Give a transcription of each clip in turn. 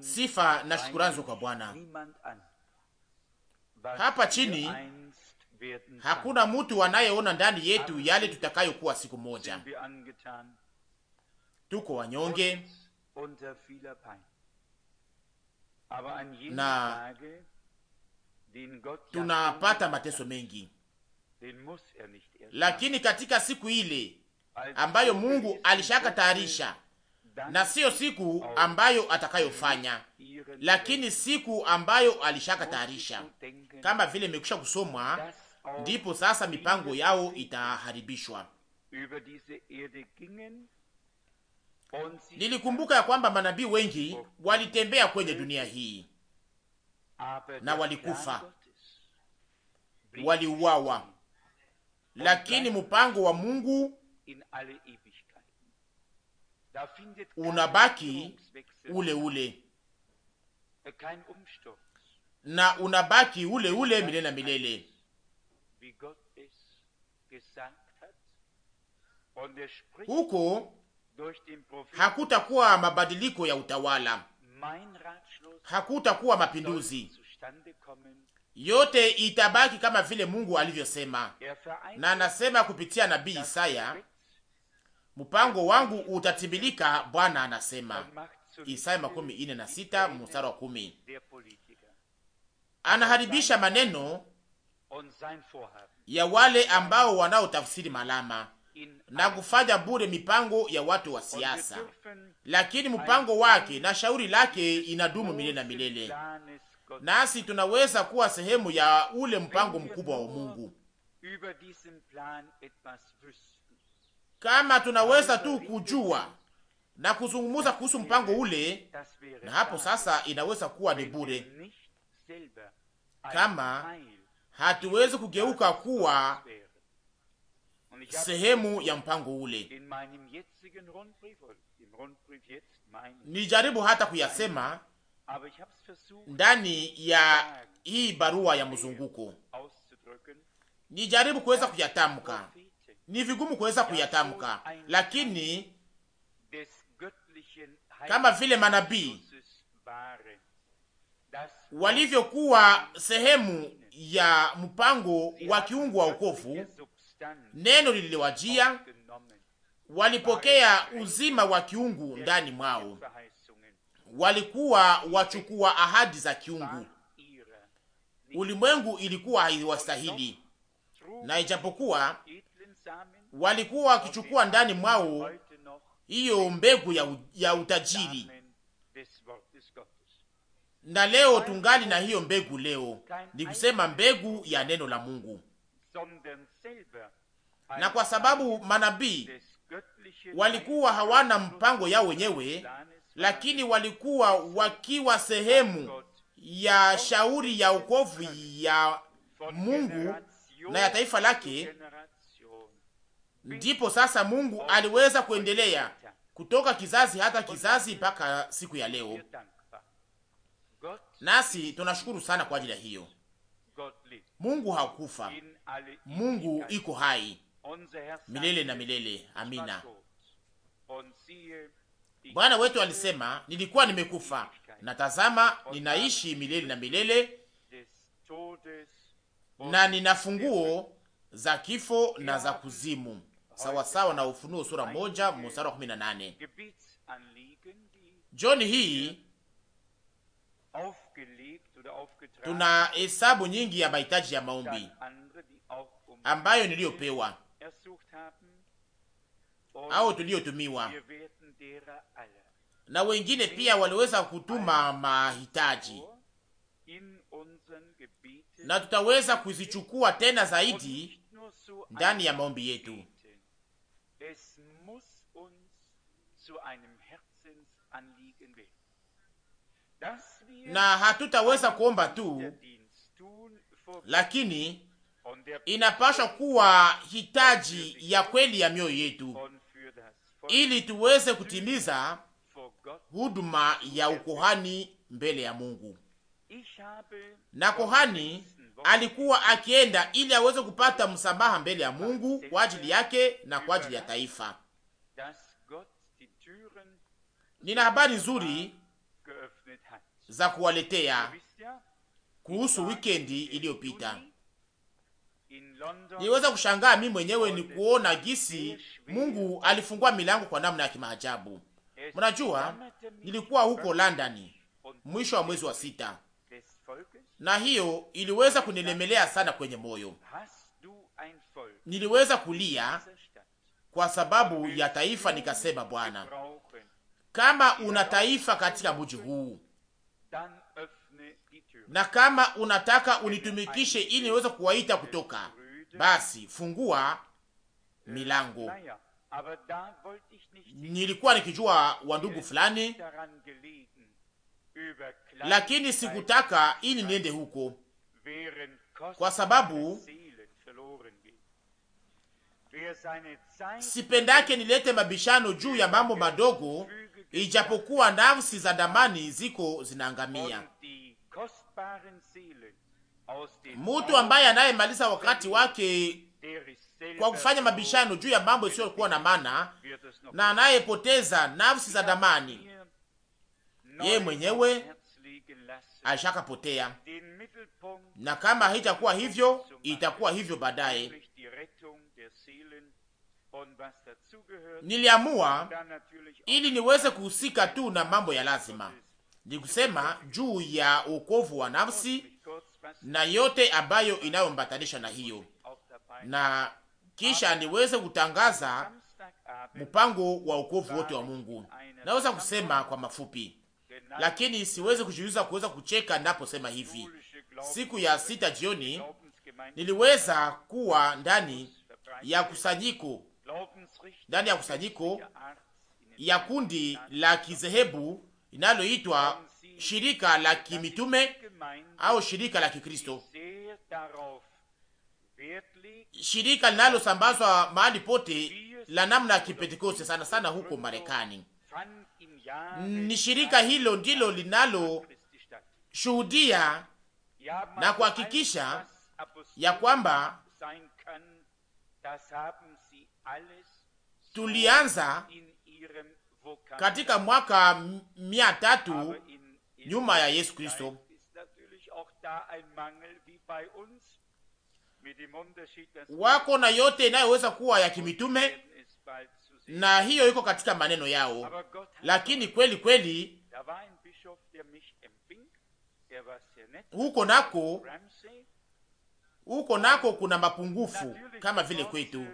Sifa na shukuranzo kwa Bwana. Hapa chini hakuna mtu anayeona ndani yetu yale tutakayokuwa siku moja. Tuko wanyonge na tunapata mateso mengi, er lakini katika siku ile ambayo Mungu tayarisha na siyo siku ambayo atakayofanya, lakini siku ambayo tayarisha kama vile imekwisha kusomwa. Ndipo sasa mipango yao itaharibishwa. Nilikumbuka ya kwamba manabii wengi walitembea kwenye dunia hii na walikufa, waliuawa, lakini mpango wa Mungu unabaki ule ule äh, na unabaki ule ule milele na milele huko hakutakuwa mabadiliko ya utawala, hakutakuwa mapinduzi. Yote itabaki kama vile Mungu alivyosema, er na anasema kupitia nabii Isaya mpango wangu utatibilika, Bwana anasema. Isaya makumi ine na sita mstari wa kumi. Anaharibisha maneno ya wale ambao wanaotafsiri malama na kufanya bure mipango ya watu wa siasa, lakini mpango wake na shauri lake inadumu milele na milele. Nasi tunaweza kuwa sehemu ya ule mpango mkubwa wa Mungu kama tunaweza tu kujua na kuzungumza kuhusu mpango ule, na hapo sasa inaweza kuwa ni bure kama hatuwezi kugeuka kuwa sehemu ya mpango ule. Nijaribu hata kuyasema ndani ya hii barua ya mzunguko, nijaribu kuweza kuyatamka ni vigumu kuweza kuyatamka, lakini kama vile manabii walivyokuwa sehemu ya mpango wa kiungu wa wokovu, neno liliwajia, walipokea uzima wa kiungu ndani mwao, walikuwa wachukua ahadi za kiungu. Ulimwengu ilikuwa haiwastahili, na ijapokuwa walikuwa wakichukua ndani mwao hiyo mbegu ya, ya utajiri na leo tungali na hiyo mbegu leo, ni kusema mbegu ya neno la Mungu. Na kwa sababu manabii walikuwa hawana mpango yao wenyewe, lakini walikuwa wakiwa sehemu ya shauri ya ukovu ya Mungu na ya taifa lake, Ndipo sasa Mungu aliweza kuendelea kutoka kizazi hata kizazi mpaka siku ya leo, nasi tunashukuru sana kwa ajili ya hiyo. Mungu hakufa, Mungu iko hai milele na milele. Amina. Bwana wetu alisema, nilikuwa nimekufa na tazama, ninaishi milele na milele, na nina funguo za kifo na za kuzimu sawa na Ufunuo sura moja mstari wa kumi na nane. Jioni hii tuna hesabu nyingi ya mahitaji ya maombi um ambayo niliyopewa au tuliyotumiwa na wengine pia waliweza kutuma mahitaji, na tutaweza kuzichukua tena zaidi ndani ya maombi yetu. na hatutaweza kuomba tu, lakini inapaswa kuwa hitaji ya kweli ya mioyo yetu, ili tuweze kutimiza huduma ya ukohani mbele ya Mungu. Na kohani alikuwa akienda ili aweze kupata msamaha mbele ya Mungu kwa ajili yake na kwa ajili ya taifa. Nina habari nzuri za kuwaletea kuhusu wikendi iliyopita. Niweza kushangaa mimi mwenyewe ni kuona gisi Mungu alifungua milango kwa namna ya kimaajabu. Mnajua, nilikuwa huko London mwisho wa mwezi wa sita, na hiyo iliweza kunilemelea sana kwenye moyo. Niliweza kulia kwa sababu ya taifa, nikasema Bwana kama una taifa katika mji huu na kama unataka unitumikishe ili niweze kuwaita kutoka, basi fungua milango. Nilikuwa nikijua wa ndugu fulani, lakini sikutaka ili niende huko, kwa sababu sipendake nilete mabishano juu ya mambo madogo ijapokuwa nafsi za damani ziko zinaangamia. Mtu ambaye anayemaliza wakati wake kwa kufanya mabishano juu ya mambo isiyokuwa na maana na anayepoteza nafsi za damani, yeye mwenyewe ashakapotea, na kama haitakuwa hivyo, itakuwa hivyo baadaye niliamua ili niweze kuhusika tu na mambo ya lazima, ni kusema juu ya uokovu wa nafsi na yote ambayo inayombatanisha na hiyo, na kisha niweze kutangaza mpango wa uokovu wote wa Mungu. Naweza kusema kwa mafupi, lakini siwezi kujiuza kuweza kucheka naposema hivi. Siku ya sita jioni niliweza kuwa ndani ya kusanyiko ndani ya kusanyiko ya kundi la kizehebu linaloitwa shirika la kimitume au shirika la Kikristo, shirika linalosambazwa mahali pote la namna ya Kipentekoste, sana sana huko Marekani. Ni shirika hilo ndilo linaloshuhudia na kuhakikisha ya kwamba tulianza katika mwaka mia tatu nyuma ya Yesu Kristo. Wako na yote inayoweza kuwa ya kimitume, na hiyo iko katika maneno yao, lakini kweli kweli er huko nako huko nako kuna mapungufu kama vile kwetu.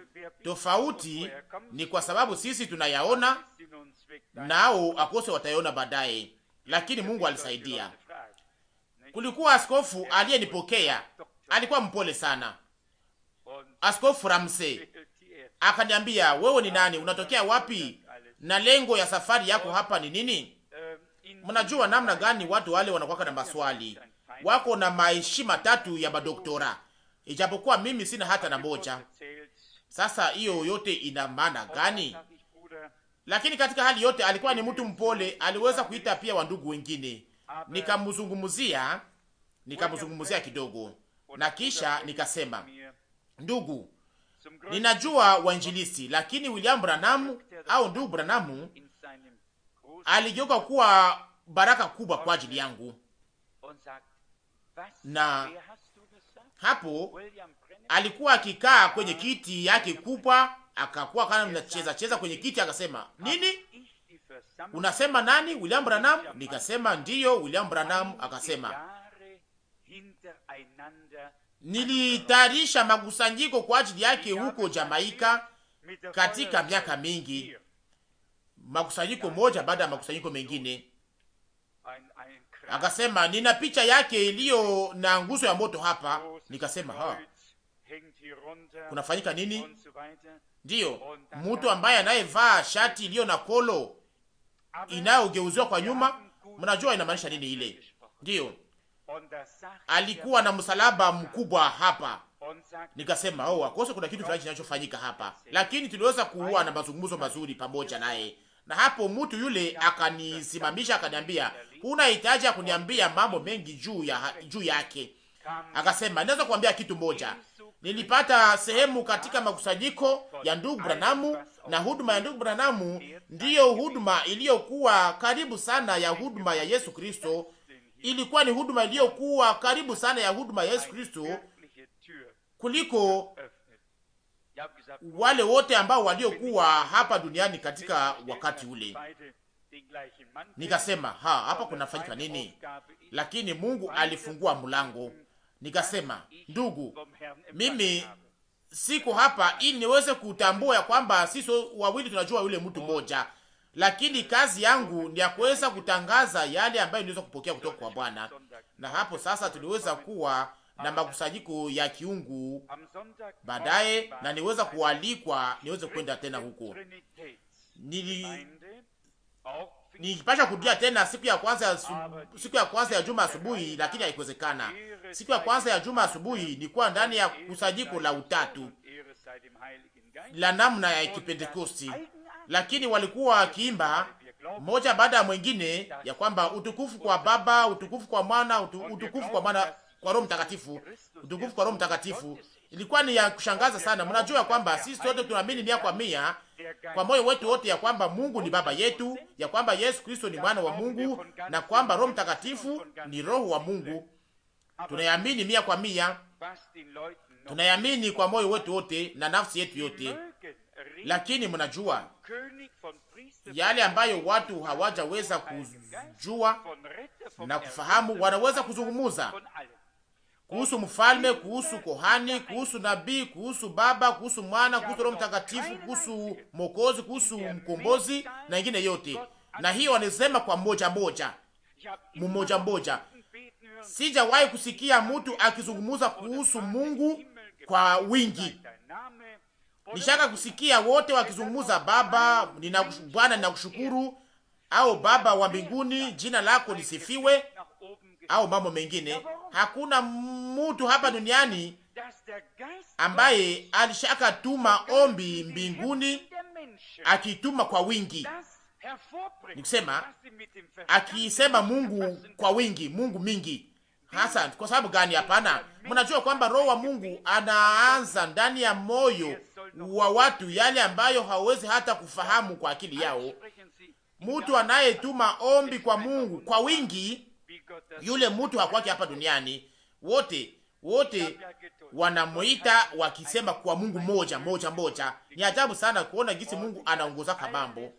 Tofauti ni kwa sababu sisi tunayaona, nao akose watayaona baadaye, lakini Mungu alisaidia. Kulikuwa askofu aliyenipokea, alikuwa mpole sana, Askofu Ramse. Akaniambia, wewe ni nani? Unatokea wapi? na lengo ya safari yako hapa ni nini? Mnajua namna gani watu wale wanakuwa na maswali, wako na maheshima tatu ya madoktora ijapokuwa mimi sina hata na moja. Sasa hiyo yote ina maana gani? Lakini katika hali yote alikuwa ni mtu mpole, aliweza kuita pia wandugu wengine, nikamzungumzia nikamzungumzia kidogo, na kisha nikasema, ndugu, ninajua wainjilisti, lakini William Branham au ndugu Branham aligeuka kuwa baraka kubwa kwa ajili yangu na hapo alikuwa akikaa kwenye kiti yake kubwa, akakuwa kana nacheza cheza kwenye kiti, akasema nini? Unasema nani? William Branham? Nikasema ndiyo, William Branham. Akasema nilitayarisha makusanyiko kwa ajili yake huko Jamaika katika miaka mingi, makusanyiko moja baada ya makusanyiko mengine. Akasema nina picha yake iliyo na nguzo ya moto hapa Nikasema ha, kunafanyika nini? Ndiyo, mtu ambaye anayevaa shati iliyo na kolo inayogeuziwa kwa nyuma, mnajua inamaanisha nini ile? Ndiyo, alikuwa na msalaba mkubwa hapa. Nikasema oh, akose kuna kitu fulani kinachofanyika hapa, lakini tuliweza kuwa na mazungumzo mazuri pamoja naye, na hapo mtu yule akanisimamisha, akaniambia huna hitaji ya kuniambia mambo mengi juu ya juu yake Akasema, naweza kuambia kitu moja. Nilipata sehemu katika makusanyiko ya ndugu Branamu, na huduma ya ndugu Branamu ndiyo huduma iliyokuwa karibu sana ya huduma ya Yesu Kristo. Ilikuwa ni huduma iliyokuwa karibu sana ya huduma ya Yesu Kristo kuliko wale wote ambao waliokuwa hapa duniani katika wakati ule. Nikasema, ha, hapa kunafanyika nini? Lakini Mungu alifungua mlango nikasema, ndugu, mimi siko hapa ili niweze kutambua ya kwamba sisi wawili tunajua yule mtu mmoja, lakini kazi yangu ni ya kuweza kutangaza yale ambayo niweza kupokea kutoka kwa Bwana. Na hapo sasa tuliweza kuwa na makusanyiko ya kiungu baadaye, na niweza kualikwa niweze kwenda tena huko Nili nilipasha kurudia tena siku ya kwanza ya ah, siku ya kwanza ya juma asubuhi, lakini haikuwezekana. Siku ya kwanza ya juma asubuhi nilikuwa ndani ya kusanyiko la utatu la namna ya Kipentekosti, lakini walikuwa wakiimba moja baada ya mwingine ya kwamba utukufu kwa Baba, utukufu kwa Mwana, utukufu kwa Mwana, kwa Roho Mtakatifu, utukufu kwa Roho Mtakatifu. Ilikuwa ni ya kushangaza sana. Mnajua kwamba sisi sote tunaamini mia kwa mia kwa moyo wetu wote ya kwamba Mungu ni baba yetu, ya kwamba Yesu Kristo ni mwana wa Mungu na kwamba Roho Mtakatifu ni roho wa Mungu. Tunayamini mia kwa mia, tunayamini kwa moyo wetu wote na nafsi yetu yote. Lakini mnajua yale ambayo watu hawajaweza kujua na kufahamu, wanaweza kuzungumuza kuhusu mfalme, kuhusu kohani, kuhusu nabii, kuhusu Baba, kuhusu Mwana, kuhusu Roho Mtakatifu, kuhusu Mwokozi, kuhusu mkombozi na ingine yote. Na hiyo wanasema kwa moja moja, mmoja mmoja. Sijawahi kusikia mtu akizungumza kuhusu Mungu kwa wingi. Nishaka kusikia wote wakizungumza Baba, Bwana ninakushukuru, au Baba wa mbinguni, jina lako lisifiwe au mambo mengine. Hakuna mtu hapa duniani ambaye alishaka tuma ombi mbinguni akituma kwa wingi, nikusema akisema Mungu kwa wingi, Mungu mingi hasa. Kwa sababu gani? Hapana, mnajua kwamba roho wa Mungu anaanza ndani ya moyo wa watu yale ambayo hawezi hata kufahamu kwa akili yao. Mtu anayetuma ombi kwa Mungu kwa wingi yule mtu hakwake hapa duniani. Wote wote wanamuita wakisema kwa Mungu moja moja moja. Ni ajabu sana kuona jinsi Mungu anaongoza kabambo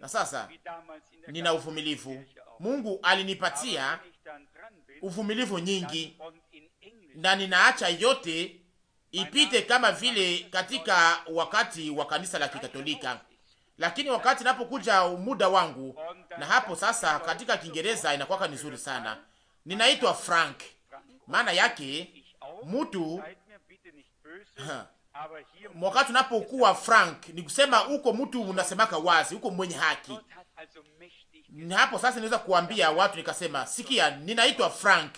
Na sasa nina uvumilivu. Mungu alinipatia uvumilivu nyingi, na ninaacha yote ipite kama vile katika wakati wa kanisa la Kikatolika lakini wakati napokuja muda wangu, na hapo sasa, katika Kiingereza inakuwa ni nzuri sana, ninaitwa Frank, maana yake mtu wakati unapokuwa Frank ni kusema uko mtu unasemaka wazi, uko mwenye haki. Hapo sasa niweza kuambia watu nikasema, sikia, ninaitwa Frank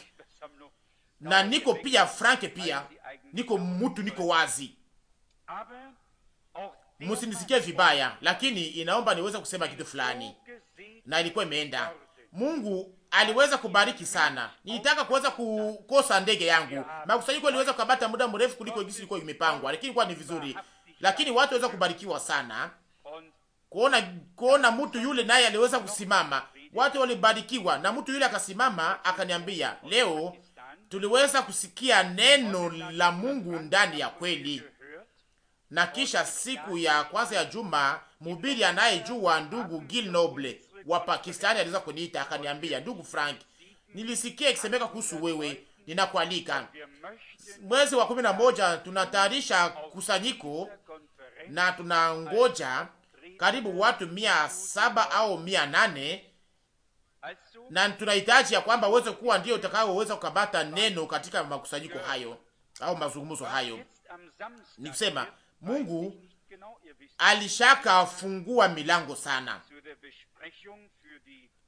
na niko pia Frank, pia niko mtu, niko wazi msinisikie vibaya, lakini inaomba niweze kusema kitu fulani, na ilikuwa imeenda. Mungu aliweza kubariki sana. Nilitaka kuweza kukosa ndege yangu, makusanyiko aliweza kukabata muda mrefu kuliko jinsi ilikuwa imepangwa, lakini kwa ni vizuri, lakini watu waweza kubarikiwa sana kuona kuona mtu yule naye aliweza kusimama, watu walibarikiwa, na mtu yule akasimama akaniambia, leo tuliweza kusikia neno la Mungu ndani ya kweli na kisha siku ya kwanza ya juma mhubiri anayejua ndugu Gil Noble wa Pakistani aliweza kuniita akaniambia, ndugu Frank, nilisikia ikisemeka kuhusu wewe, ninakualika mwezi wa kumi na moja tunatayarisha kusanyiko na tunangoja karibu watu mia saba au mia nane na tunahitaji ya kwamba uweze kuwa ndio utakaoweza kukabata neno katika makusanyiko hayo au mazungumzo hayo. Nikusema Mungu alishakafungua milango sana.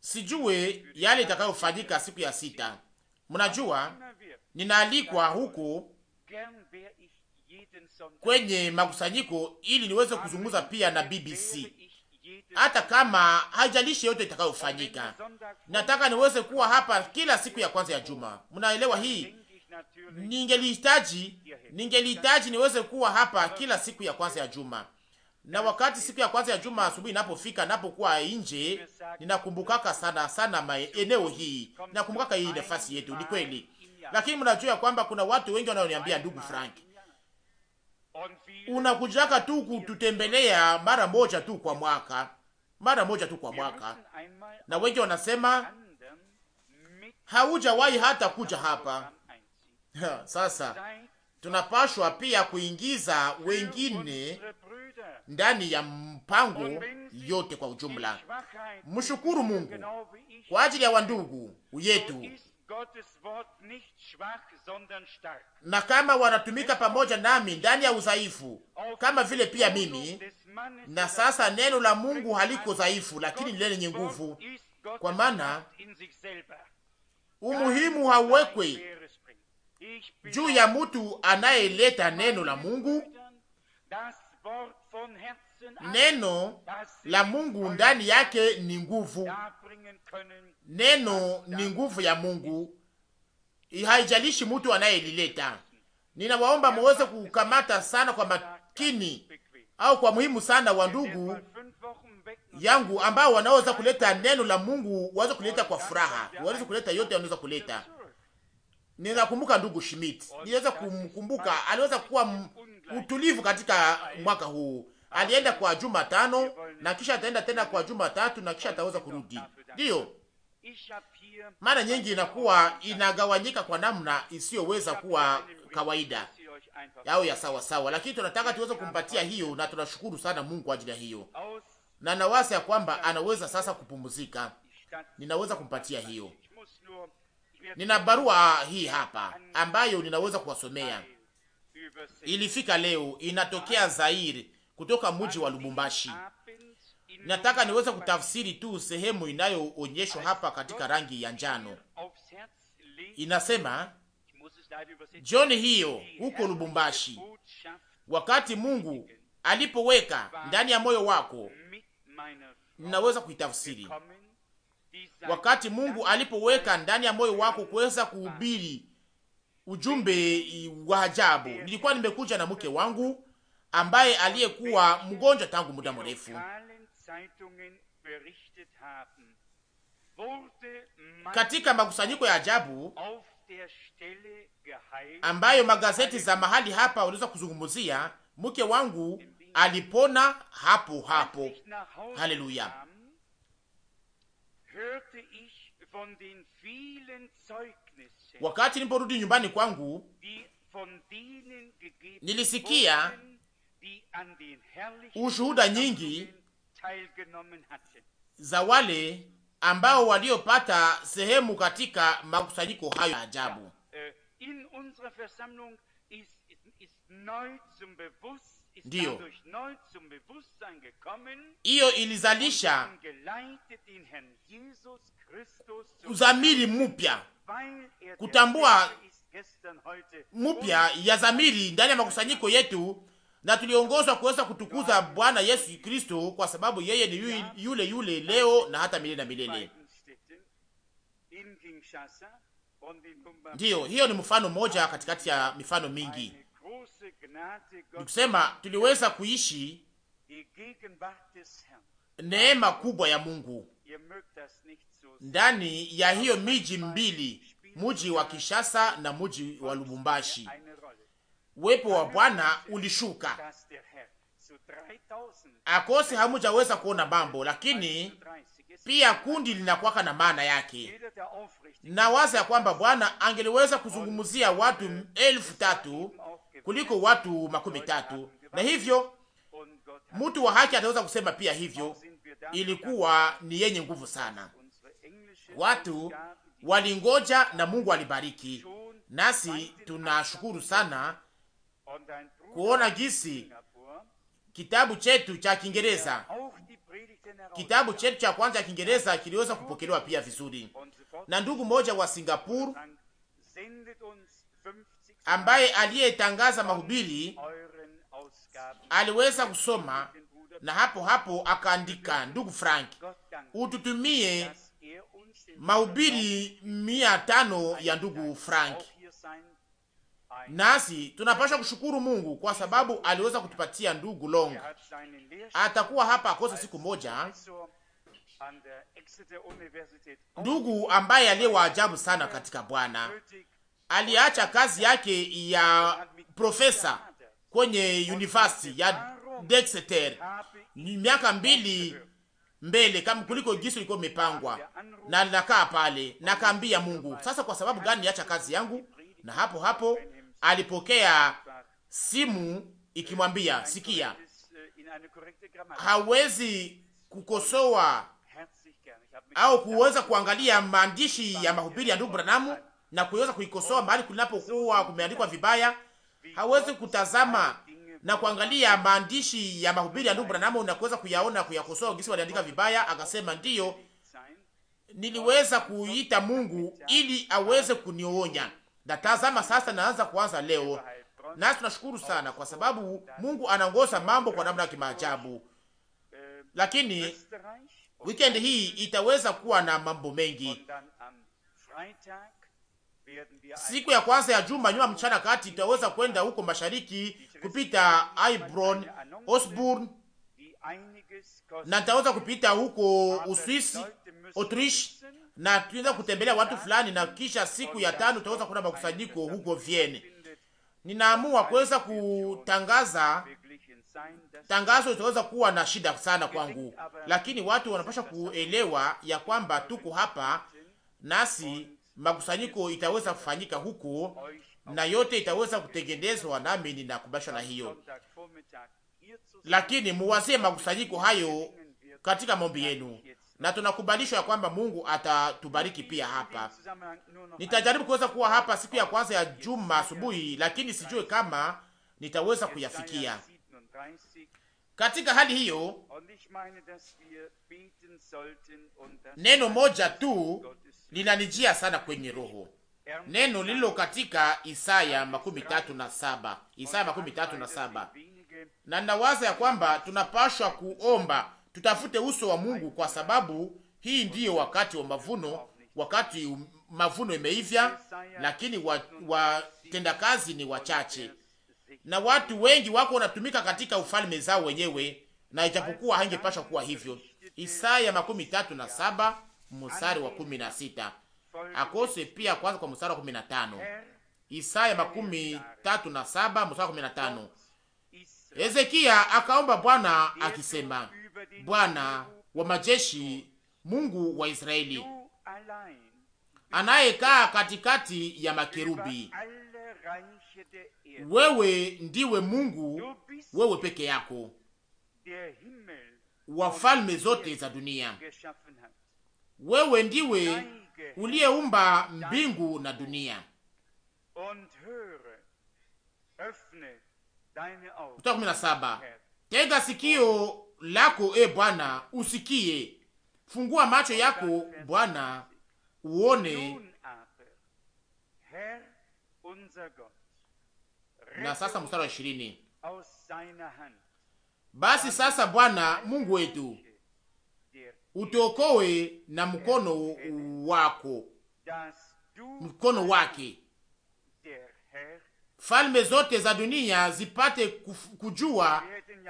Sijue yale itakayofanyika siku ya sita. Mnajua ninaalikwa huko kwenye makusanyiko ili niweze kuzungumza pia na BBC, hata kama haijalishi yote itakayofanyika. Nataka niweze kuwa hapa kila siku ya kwanza ya juma. Mnaelewa hii? ningelihitaji ningelihitaji niweze kuwa hapa kila siku ya kwanza ya juma, na wakati siku ya kwanza ya juma asubuhi inapofika, napokuwa nje, ninakumbukaka sana sana maeneo hii, ninakumbukaka hii nafasi yetu, ni kweli. Lakini mnajua kwamba kuna watu wengi wanaoniambia, ndugu Frank, unakujaka tu kututembelea mara moja tu kwa mwaka, mara moja tu kwa mwaka, na wengi wanasema um, haujawahi hata kuja hapa sasa tunapashwa pia kuingiza wengine ndani ya mpango yote kwa ujumla. Mshukuru Mungu kwa ajili ya wandugu yetu, na kama wanatumika pamoja nami ndani ya udhaifu, kama vile pia mimi. Na sasa neno la Mungu haliko dhaifu, lakini lenye nguvu, kwa maana umuhimu hauwekwe juu ya mtu anayeleta neno la Mungu, neno la Mungu ndani yake ni nguvu. Neno ni nguvu ya Mungu, haijalishi mtu anayelileta. Ninawaomba muweze kukamata sana kwa makini au kwa muhimu sana wa ndugu yangu ambao wanaweza kuleta neno la Mungu, waweze kuleta kwa furaha, waweze kuleta yote wanaweza kuleta Ninakumbuka ndugu Schmidt, niweza kumkumbuka, aliweza kuwa utulivu katika mwaka huu. Alienda kwa juma tano na kisha ataenda tena kwa juma tatu na kisha ataweza kurudi. Ndiyo mara nyingi inakuwa inagawanyika kwa namna isiyoweza kuwa kawaida yao ya sawa sawa, lakini tunataka tuweze kumpatia hiyo, na tunashukuru sana Mungu kwa ajili ya hiyo, na nawaza ya kwamba anaweza sasa kupumzika. Ninaweza kumpatia hiyo Nina barua hii hapa ambayo ninaweza kuwasomea. Ilifika leo, inatokea Zairi, kutoka mji wa Lubumbashi. Nataka niweze kutafsiri tu sehemu inayoonyeshwa hapa katika rangi ya njano. Inasema jioni hiyo huko Lubumbashi, wakati Mungu alipoweka ndani ya moyo wako, ninaweza kuitafsiri wakati Mungu alipoweka ndani ya moyo wako kuweza kuhubiri ujumbe wa ajabu. Nilikuwa nimekuja na mke wangu ambaye aliyekuwa mgonjwa tangu muda mrefu. Katika makusanyiko ya ajabu ambayo magazeti za mahali hapa waliweza kuzungumzia, mke wangu alipona hapo hapo. Haleluya! Wakati niliporudi nyumbani kwangu, nilisikia ushuhuda nyingi za wale ambao waliopata sehemu katika makusanyiko hayo ya ajabu. Äh, Ndiyo, hiyo ilizalisha uzamiri mupya, kutambua mupya ya zamiri ndani ya makusanyiko yetu, na tuliongozwa kuweza kutukuza Bwana Yesu Kristo, kwa sababu yeye ni yule yule, leo na hata milele na milele. Ndiyo, hiyo ni mfano mmoja katikati ya mifano mingi nikusema tuliweza kuishi neema kubwa ya Mungu ndani ya hiyo miji mbili, muji wa Kishasa na muji wa Lubumbashi. Uwepo wa Bwana ulishuka akose, hamujaweza kuona mambo, lakini pia kundi linakwaka na maana yake, na waza ya kwamba Bwana angeliweza kuzungumzia watu elfu tatu kuliko watu makumi tatu. Na hivyo mtu wa haki ataweza kusema pia hivyo, ilikuwa ni yenye nguvu sana. Watu walingoja na Mungu alibariki, nasi tunashukuru sana kuona gisi kitabu chetu cha Kiingereza, kitabu chetu cha kwanza cha Kiingereza kiliweza kupokelewa pia vizuri na ndugu mmoja wa Singapore ambaye aliyetangaza mahubiri aliweza kusoma na hapo hapo akaandika, ndugu Frank, ututumie mahubiri mia tano ya ndugu Frank. Nasi tunapasha kushukuru Mungu kwa sababu aliweza kutupatia ndugu Long. Atakuwa hapa akose siku moja, ndugu ambaye aliye waajabu sana katika Bwana aliacha kazi yake ya profesa kwenye university ya Dexter miaka mbili mbele kama kuliko jinsi ilikuwa imepangwa, na nakaa pale nakaambia Mungu, sasa kwa sababu gani niacha kazi yangu? Na hapo hapo alipokea simu ikimwambia, sikia, hawezi kukosoa au kuweza kuangalia maandishi ya mahubiri ya ndugu Branamu na kuweza kuikosoa mahali kunapokuwa kumeandikwa vibaya. Hawezi kutazama na kuangalia maandishi ya mahubiri ya ndugu Branham na kuweza kuyaona kuyakosoa gisi waliandika vibaya. Akasema ndiyo, niliweza kuita Mungu ili aweze kunionya, na tazama sasa naanza kuanza leo. Nasi tunashukuru sana kwa sababu Mungu anaongoza mambo kwa namna ya kimaajabu. Lakini weekend hii itaweza kuwa na mambo mengi Siku ya kwanza ya juma nyuma mchana kati tutaweza kwenda huko mashariki kupita Ibron Osburn na nitaweza kupita huko Uswisi, Autriche na tuweza kutembelea watu fulani, na kisha siku ya tano tutaweza kuna makusanyiko huko Vienne. Ninaamua kuweza kutangaza tangazo, itaweza kuwa na shida sana kwangu, lakini watu wanapasha kuelewa ya kwamba tuko hapa nasi makusanyiko itaweza kufanyika huku na yote itaweza kutengenezwa, nami ninakubashwa na hiyo. Lakini muwazie makusanyiko hayo katika maombi yenu, na tunakubalishwa ya kwamba Mungu atatubariki pia hapa. Nitajaribu kuweza kuwa hapa siku ya kwanza ya juma asubuhi, lakini sijue kama nitaweza kuyafikia. Katika hali hiyo, neno moja tu linanijia sana kwenye roho, neno lililo katika Isaya makumi tatu na saba Isaya makumi tatu na saba na ninawaza ya kwamba tunapashwa kuomba tutafute uso wa Mungu kwa sababu hii ndiyo wakati wa mavuno. Wakati mavuno imeivya, lakini watendakazi wa ni wachache, na watu wengi wako wanatumika katika ufalme zao wenyewe, na ijapokuwa haingepashwa kuwa hivyo. Isaya makumi tatu na saba mstari wa kumi na sita akose pia kwanza kwa mstari wa kumi na tano Isaya makumi tatu na saba mstari wa kumi na tano Hezekia akaomba Bwana akisema, Bwana wa majeshi, Mungu wa Israeli anayekaa katikati ya makerubi, wewe ndiwe Mungu, wewe peke yako, wafalme zote za dunia wewe ndiwe uliyeumba mbingu na dunia. tega sikio lako e Bwana, usikie, fungua macho yako Bwana, uone. Na sasa mstari wa ishirini basi sasa Bwana Mungu wetu utuokoe na mkono wako, mkono wake. Falme zote za dunia zipate kujua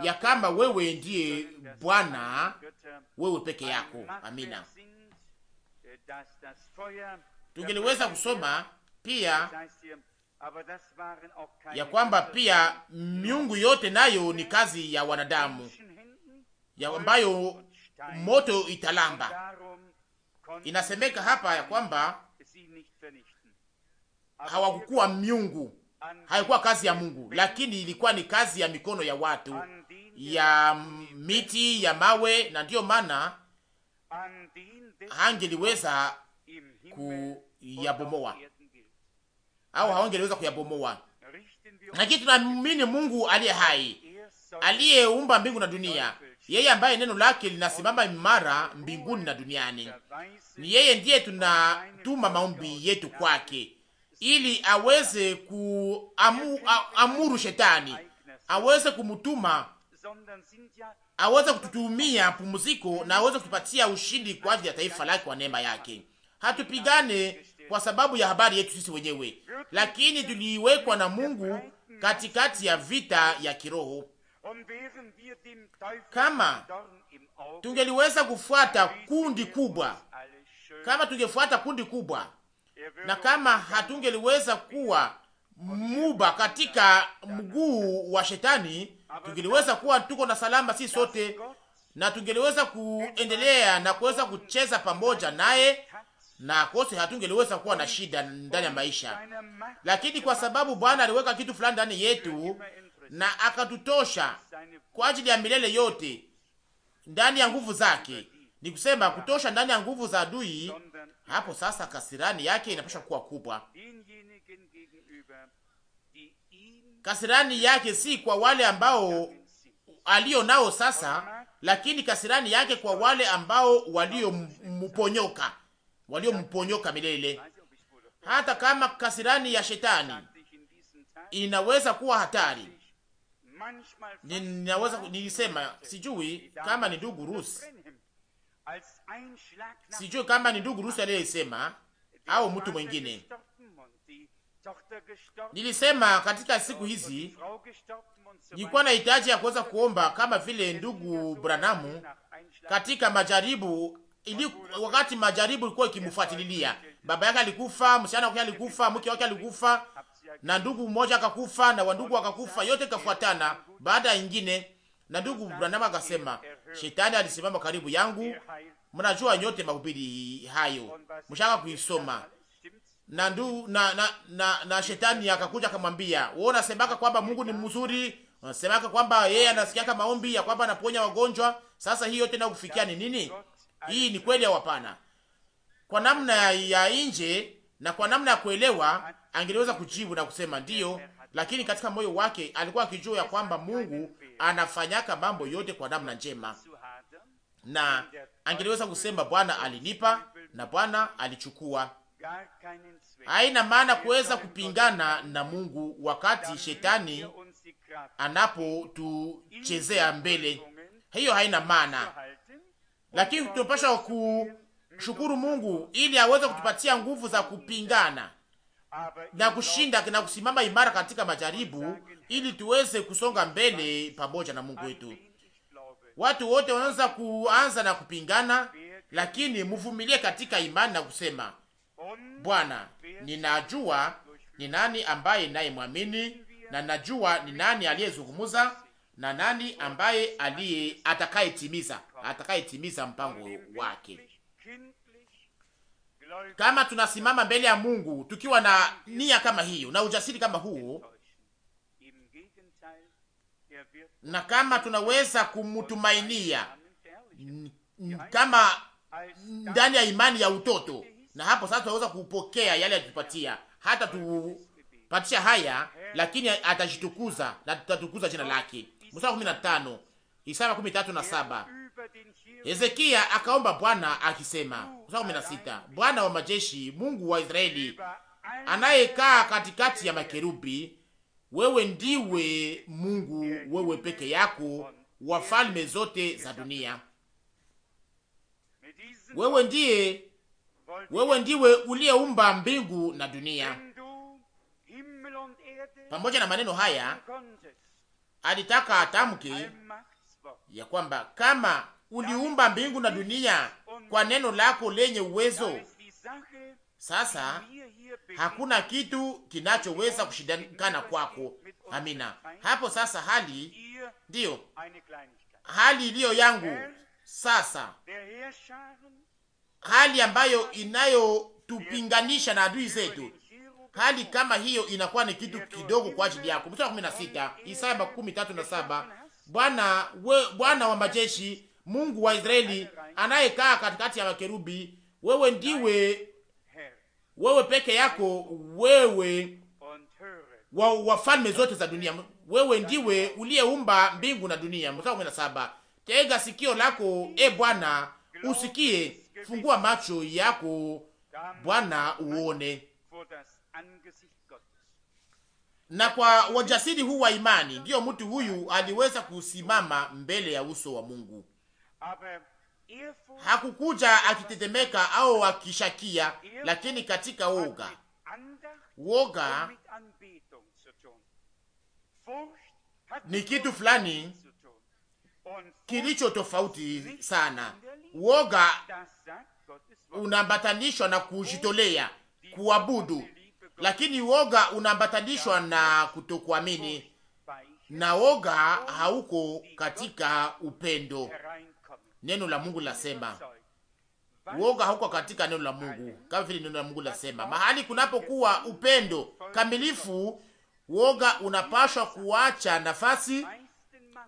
ya kama wewe ndiye Bwana, wewe peke yako. Amina. Tungeliweza kusoma pia ya kwamba pia miungu yote nayo ni kazi ya wanadamu ya ambayo moto italamba. Inasemeka hapa ya kwamba hawakukuwa miungu, haikuwa kazi ya Mungu, lakini ilikuwa ni kazi ya mikono ya watu, ya miti, ya mawe, na ndiyo maana hangeliweza kuyabomoa au hawangeliweza kuyabomoa. Lakini tunaamini Mungu aliye hai er aliyeumba mbingu na dunia yeye ambaye neno lake linasimama imara mbinguni na duniani. Ni yeye ndiye tunatuma maombi yetu kwake ili aweze kuamuru shetani aweze kumtuma aweze kututumia pumziko na aweze kutupatia ushindi kwa ajili ya taifa lake kwa neema yake. Hatupigane kwa sababu ya habari yetu sisi wenyewe, lakini tuliwekwa na Mungu katikati ya vita ya kiroho kama tungeliweza kufuata kundi kubwa, kama tungefuata kundi kubwa, er na kama hatungeliweza kuwa muba katika mguu wa Shetani, tungeliweza kuwa tuko na salama si sote, na tungeliweza kuendelea na kuweza kucheza pamoja naye na kose hatungeliweza kuwa na shida ndani ya maisha, lakini kwa sababu Bwana aliweka kitu fulani ndani yetu, na akatutosha kwa ajili ya milele yote ndani ya nguvu zake. Ni kusema kutosha ndani ya nguvu za adui. Hapo sasa kasirani yake inapasha kuwa kubwa. Kasirani yake si kwa wale ambao alio nao sasa, lakini kasirani yake kwa wale ambao waliomponyoka, waliomponyoka milele. Hata kama kasirani ya shetani inaweza kuwa hatari ninaweza nisema, sijui kama ni ndugu Rusi, sijui kama ni ndugu Rusi aliyeisema au mtu mwingine Nilisema katika siku hizi nilikuwa na hitaji ya kuweza kuomba kama vile ndugu Branamu katika majaribu ili, wakati majaribu ilikuwa ikimfuatililia baba yake alikufa, msichana wake alikufa, mke wake alikufa, na ndugu mmoja akakufa na wandugu wakakufa, yote ikafuatana baada ya ingine. Na ndugu Branham akasema, shetani alisimama karibu yangu. Mnajua nyote mahubiri hayo, mshaka kuisoma na, ndu, na, na, na, na shetani akakuja akamwambia, wewe unasemaka kwamba Mungu ni mzuri, unasemaka kwamba yeye anasikiaka maombi ya kwamba anaponya wagonjwa. Sasa hii yote inakufikia ni nini? Hii ni kweli au hapana? Kwa namna ya nje na kwa namna ya kuelewa angeliweza kujibu na kusema ndiyo, lakini katika moyo wake alikuwa akijua ya kwamba Mungu anafanyaka mambo yote kwa namna njema, na angeliweza kusema Bwana alinipa na Bwana alichukua. Haina maana kuweza kupingana na Mungu wakati shetani anapotuchezea mbele, hiyo haina maana, lakini tunapaswa kushukuru Mungu ili aweze kutupatia nguvu za kupingana na kushinda na kusimama imara katika majaribu, ili tuweze kusonga mbele pamoja na Mungu wetu. Watu wote wanaanza kuanza na kupingana, lakini mvumilie katika imani na kusema, Bwana, ninajua ni nani ambaye naye mwamini na najua ni nani aliyezungumuza na nani ambaye aliye atakayetimiza atakayetimiza mpango wake. Kama tunasimama mbele ya Mungu tukiwa na nia kama hiyo na ujasiri kama huo, na kama tunaweza kumtumainia kama ndani ya imani ya utoto, na hapo sasa tunaweza kupokea yale yatupatia, hata tupatisha haya, lakini atajitukuza na tutatukuza jina lake. Mstari wa 15 Isaya 13 na 7 Hezekia akaomba Bwana akisema, kumi na sita, Bwana wa majeshi, Mungu wa Israeli, anayekaa katikati ya makerubi, wewe ndiwe Mungu, wewe peke yako wa falme zote za dunia. Wewe ndiye, wewe ndiwe uliyeumba mbingu na dunia. Pamoja na maneno haya alitaka atamke ya kwamba kama uliumba mbingu na dunia kwa neno lako lenye uwezo. Sasa hakuna kitu kinachoweza kushindikana kwako. Amina. Hapo sasa hali ndiyo hali iliyo yangu sasa, hali ambayo inayotupinganisha na adui zetu. Hali kama hiyo inakuwa ni kitu kidogo kwa ajili yako. Mstari wa Isaya na 7, Bwana we, Bwana wa majeshi Mungu wa Israeli anayekaa katikati ya makerubi, wewe ndiwe, wewe peke yako, wewe wa wafalme zote za dunia, wewe ndiwe uliyeumba mbingu na dunia. Mstari kumi na saba. Tega sikio lako e Bwana, usikie, fungua macho yako Bwana uone. Na kwa wajasiri huu wa imani, ndiyo mtu huyu aliweza kusimama mbele ya uso wa Mungu hakukuja akitetemeka au akishakia, lakini katika woga, woga ni kitu fulani kilicho tofauti sana. Woga unaambatanishwa na kujitolea kuabudu, lakini woga unaambatanishwa na kutokuamini, na woga hauko katika upendo neno la Mungu lasema, uoga hauko katika neno la Mungu, kama vile neno la Mungu lasema, mahali kunapokuwa upendo kamilifu, uoga unapashwa kuacha nafasi,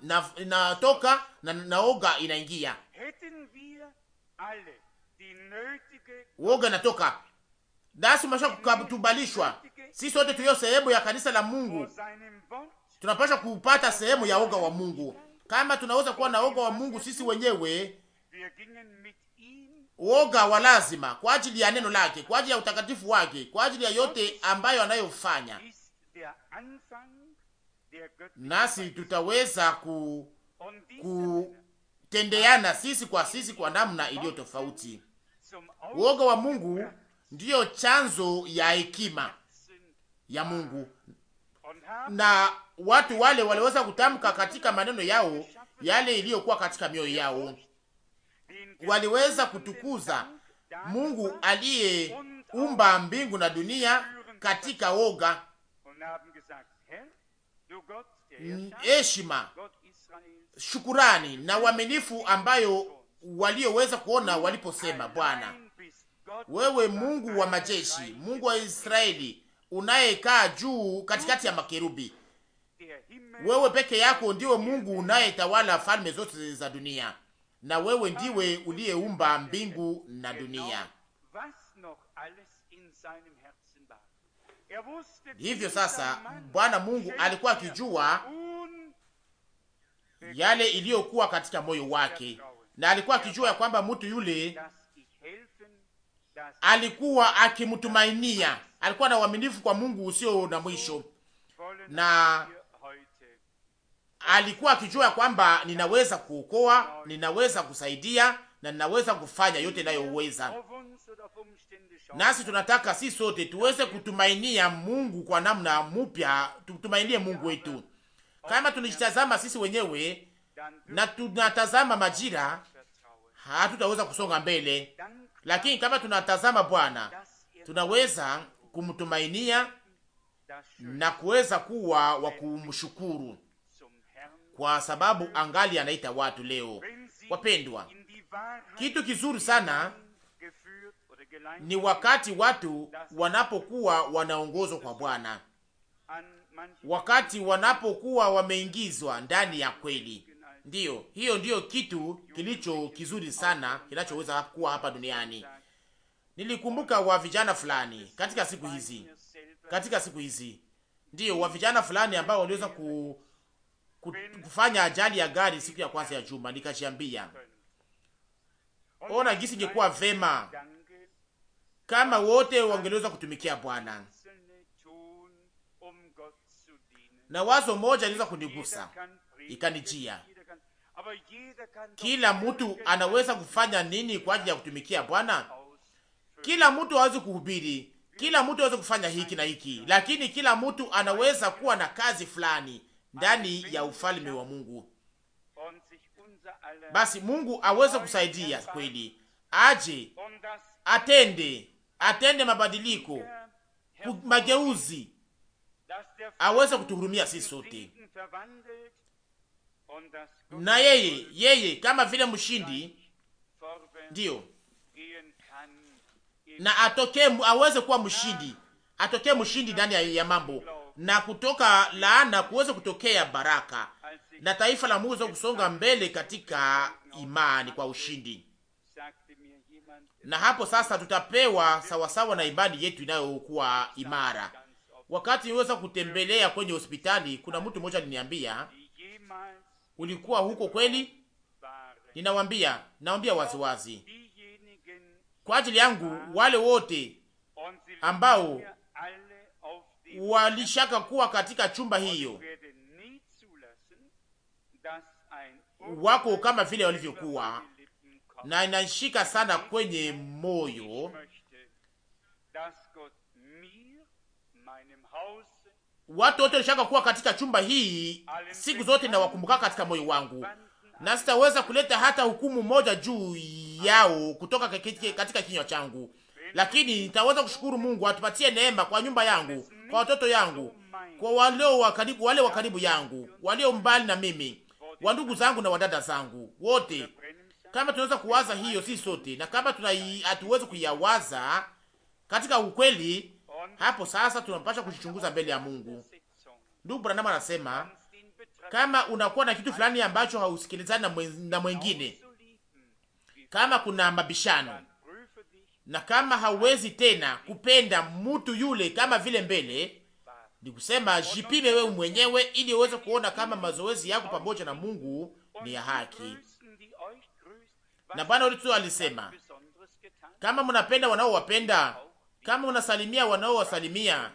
na inatoka na, oga inaingia, uoga inatoka nasi, umesha kutubalishwa sisi sote tulio sehemu ya kanisa la Mungu tunapaswa kupata sehemu ya uoga wa Mungu kama tunaweza kuwa na woga wa Mungu sisi wenyewe, woga wa lazima kwa ajili ya neno lake, kwa ajili ya utakatifu wake, kwa ajili ya yote ambayo anayofanya, nasi tutaweza ku, kutendeana sisi kwa sisi kwa namna iliyo tofauti. Woga wa Mungu ndiyo chanzo ya hekima ya Mungu na watu wale waliweza kutamka katika maneno yao yale iliyokuwa katika mioyo yao, waliweza kutukuza Mungu aliyeumba mbingu na dunia katika woga, heshima, shukurani na uaminifu ambayo walioweza kuona waliposema, Bwana wewe Mungu wa majeshi, Mungu wa Israeli unayekaa juu katikati ya makerubi wewe peke yako ndiwe Mungu unayetawala falme zote za dunia, na wewe ndiwe uliyeumba mbingu na dunia. Hivyo sasa, Bwana Mungu alikuwa akijua yale iliyokuwa katika moyo wake, na alikuwa akijua ya kwamba mtu yule alikuwa akimtumainia, alikuwa na uaminifu kwa Mungu usio na mwisho, na alikuwa akijua kwamba ninaweza kuokoa, ninaweza kusaidia na ninaweza kufanya yote inayoweza. Nasi tunataka si sote tuweze kutumainia Mungu kwa namna mpya, tutumainie Mungu wetu. Kama tunajitazama sisi wenyewe na tunatazama majira, hatutaweza kusonga mbele, lakini kama tunatazama Bwana, tunaweza kumtumainia na kuweza kuwa wa kumshukuru kwa sababu angali anaita watu leo. Wapendwa, kitu kizuri sana ni wakati watu wanapokuwa wanaongozwa kwa Bwana, wakati wanapokuwa wameingizwa ndani ya kweli. Ndiyo, hiyo ndiyo kitu kilicho kizuri sana kinachoweza kuwa hapa duniani. Nilikumbuka wa vijana fulani katika siku hizi, katika siku hizi, ndiyo wa vijana fulani ambao waliweza ku kufanya ajali ya gari siku ya kwanza ya juma, nikajiambia ona gisi ingekuwa vema kama wote wangeliweza kutumikia Bwana, na wazo moja liweza kunigusa ikanijia. Kila mtu anaweza kufanya nini kwa ajili ya kutumikia Bwana? Kila mtu hawezi kuhubiri, kila mtu hawezi kufanya hiki na hiki, lakini kila mtu anaweza kuwa na kazi fulani ndani ya ufalme wa Mungu. Basi Mungu aweze kusaidia kweli, aje atende, atende mabadiliko, mageuzi, aweze kutuhurumia sisi sote, na yeye yeye kama vile mshindi ndiyo na atokee, aweze kuwa mshindi, atokee mshindi ndani ya mambo na kutoka laana kuweze kutokea baraka, na taifa la Mungu kusonga mbele katika imani kwa ushindi. Na hapo sasa tutapewa sawasawa na imani yetu inayokuwa imara. Wakati niweza kutembelea kwenye hospitali, kuna mtu mmoja aliniambia, ulikuwa huko kweli? Ninawambia, nawambia waziwazi, kwa ajili yangu wale wote ambao walishaka kuwa katika chumba hiyo, wako kama vile walivyokuwa, na inashika sana kwenye moyo watu wote walishaka kuwa katika chumba hii siku zote, na wakumbuka katika moyo wangu, na sitaweza kuleta hata hukumu moja juu yao kutoka katika kinywa changu, lakini nitaweza kushukuru Mungu atupatie neema kwa nyumba yangu kwa watoto yangu, kwa wale wa karibu, wale wa karibu yangu, walio mbali na mimi, wandugu zangu na wadada zangu wote. Kama tunaweza kuwaza hiyo si sote, na kama hatuwezi kuyawaza katika ukweli, hapo sasa tunapasha kujichunguza mbele ya Mungu. Ndugu Branham anasema kama unakuwa na kitu fulani ambacho hausikilizani na mwengine, kama kuna mabishano na kama hauwezi tena kupenda mtu yule kama vile mbele, ni kusema jipime wewe mwenyewe, ili uweze kuona kama mazoezi yako pamoja na Mungu ni ya haki. Na Bwana wetu alisema kama mnapenda wanaowapenda, kama mnasalimia wanaowasalimia,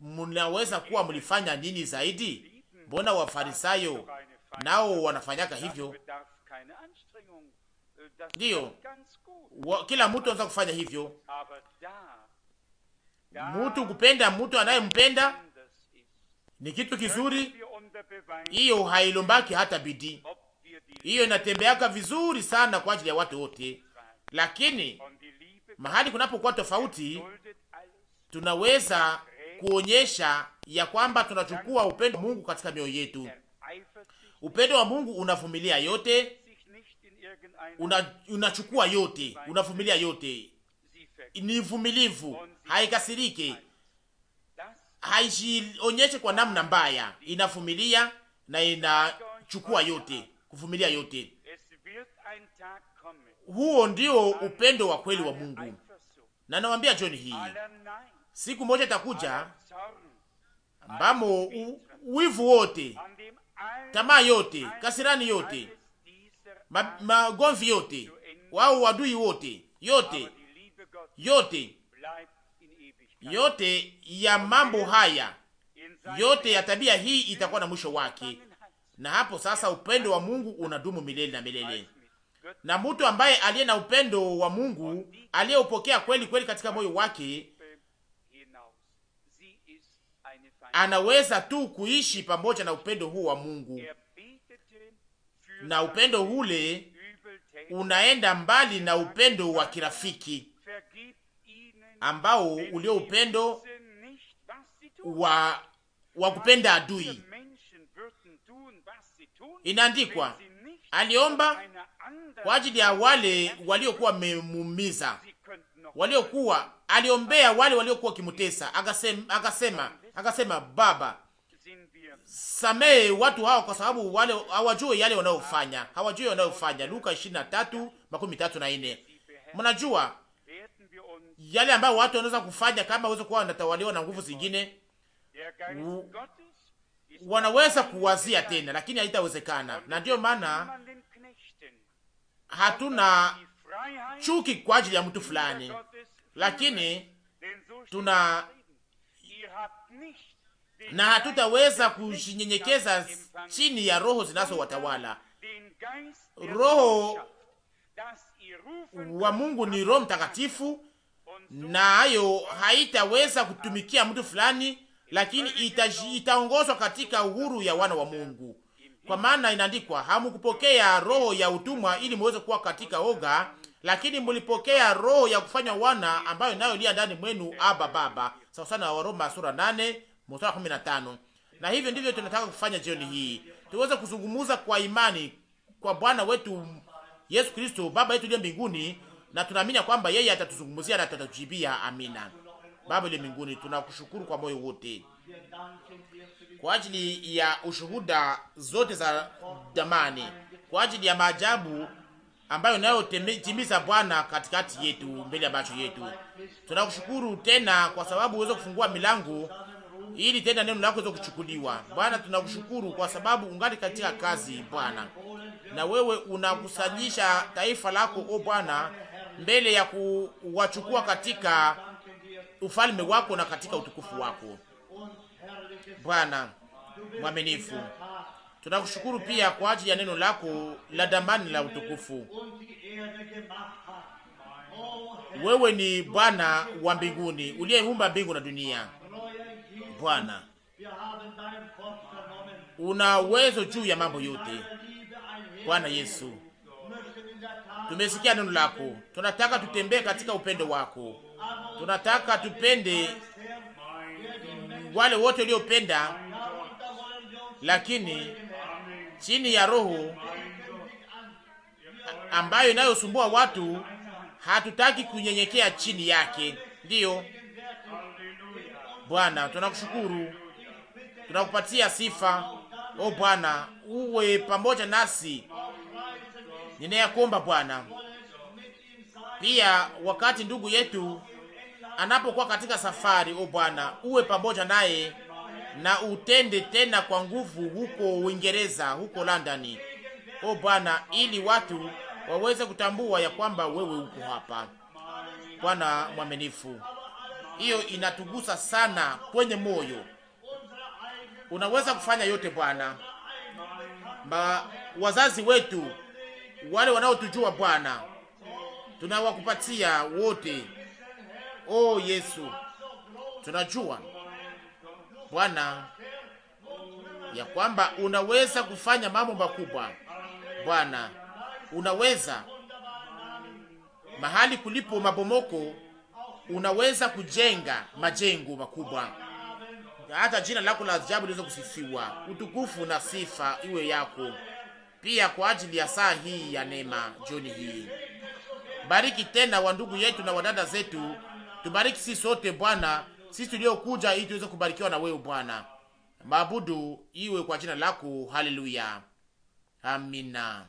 mnaweza kuwa mlifanya nini zaidi? Mbona wafarisayo nao wanafanyaka hivyo? Ndiyo, wa, kila mtu anaweza kufanya hivyo. Mtu kupenda mtu anayempenda ni kitu kizuri, hiyo hailombaki hata bidii, hiyo inatembeaka vizuri sana kwa ajili ya watu wote, lakini mahali kunapokuwa tofauti, tunaweza kuonyesha ya kwamba tunachukua upendo wa Mungu katika mioyo yetu. Upendo wa Mungu unavumilia yote, unachukua una yote, unavumilia yote, ni vumilivu, haikasirike, haijionyeshe kwa namna mbaya, inavumilia na inachukua yote, kuvumilia yote. Huo ndio upendo wa kweli wa Mungu. Na nawaambia John, hii siku moja itakuja ambamo wivu wote, tamaa yote, kasirani yote magomvi yote au wadui wote yote yote yote ya mambo haya yote ya tabia hii itakuwa na mwisho wake, na hapo sasa upendo wa Mungu unadumu milele na milele. Na mtu ambaye aliye na upendo wa Mungu aliyeupokea kweli kweli katika moyo wake anaweza tu kuishi pamoja na upendo huu wa Mungu na upendo ule unaenda mbali na upendo wa kirafiki ambao ulio upendo wa wa kupenda adui. Inaandikwa aliomba kwa ajili ya wale waliokuwa wamemumiza, waliokuwa aliombea wale waliokuwa wakimutesa, akasema, akasema, akasema Baba samehe watu hawa kwa sababu wale hawajue yale wanayofanya, hawajue wanayofanya. Luka 23 makumi tatu na nne. Mnajua yale ambayo watu wanaweza kufanya kama waweza kuwa wanatawaliwa na nguvu zingine, wanaweza kuwazia tena, lakini haitawezekana. Na ndiyo maana hatuna chuki kwa ajili ya mtu fulani, lakini tuna na hatutaweza kujinyenyekeza chini ya roho zinazowatawala. Roho wa Mungu ni Roho Mtakatifu, nayo haitaweza kutumikia mtu fulani, lakini itaongozwa katika uhuru ya wana wa Mungu. Kwa maana inaandikwa, hamukupokea roho ya utumwa ili muweze kuwa katika oga, lakini mulipokea roho ya kufanywa wana, ambayo nayo lia ndani mwenu aba baba, sawa sana wa Roma sura nane mstari wa 15. Na hivyo ndivyo tunataka kufanya jioni hii, tuweze kuzungumza kwa imani kwa Bwana wetu Yesu Kristo, Baba yetu aliye mbinguni, na tunaamini kwamba yeye atatuzungumzia na atatujibia. Amina. Baba aliye mbinguni, tunakushukuru kwa moyo wote kwa ajili ya ushuhuda zote za damani, kwa ajili ya maajabu ambayo nayotimiza Bwana katikati yetu, mbele ya macho yetu. Tunakushukuru tena kwa sababu uweze kufungua milango ili tena neno lako liweze kuchukuliwa. Bwana, tunakushukuru kwa sababu ungali katika kazi Bwana, na wewe unakusanyisha taifa lako o Bwana, mbele ya kuwachukua katika ufalme wako na katika utukufu wako Bwana mwaminifu. Tunakushukuru pia kwa ajili ya neno lako la damani la utukufu. Wewe ni Bwana wa mbinguni uliyeumba mbingu na dunia. Bwana, una uwezo juu ya mambo yote. Bwana Yesu, tumesikia neno lako, tunataka tutembee katika upendo wako, tunataka tupende wale wote waliopenda, lakini chini ya roho ambayo inayosumbua watu, hatutaki kunyenyekea chini yake. Ndiyo, Bwana, tunakushukuru, tunakupatia sifa. O Bwana, uwe pamoja nasi, ninayakomba Bwana. Pia wakati ndugu yetu anapokuwa katika safari, o Bwana, uwe pamoja naye na utende tena kwa nguvu huko Uingereza, huko London, o Bwana, ili watu waweze kutambua ya kwamba wewe uko hapa. Bwana mwaminifu hiyo inatugusa sana kwenye moyo. Unaweza kufanya yote Bwana. Wazazi wetu wale wanaotujua Bwana, tunawakupatia wote. O oh, Yesu, tunajua Bwana ya kwamba unaweza kufanya mambo makubwa Bwana, unaweza mahali kulipo mabomoko unaweza kujenga majengo makubwa. Hata jina lako la ajabu liweze kusifiwa, utukufu na sifa iwe yako pia kwa ajili ya saa hii ya neema jioni hii. Bariki tena wa ndugu yetu na wadada zetu, tubariki sisi sote Bwana, sisi tuliokuja ili tuweze kubarikiwa na wewe Bwana. Maabudu iwe kwa jina lako. Haleluya, amina.